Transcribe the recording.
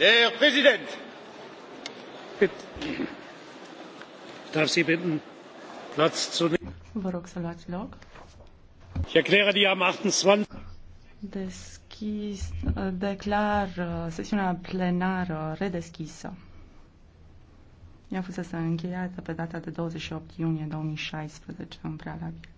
Domnule Președinte, vă rog să platz zu nehmen? ich erkläre die am. achtundzwanzig deschis declar uh, sesiunea plenară redeschisă. Ea fusese încheiată pe data de 28 iunie 2016 în prealabil.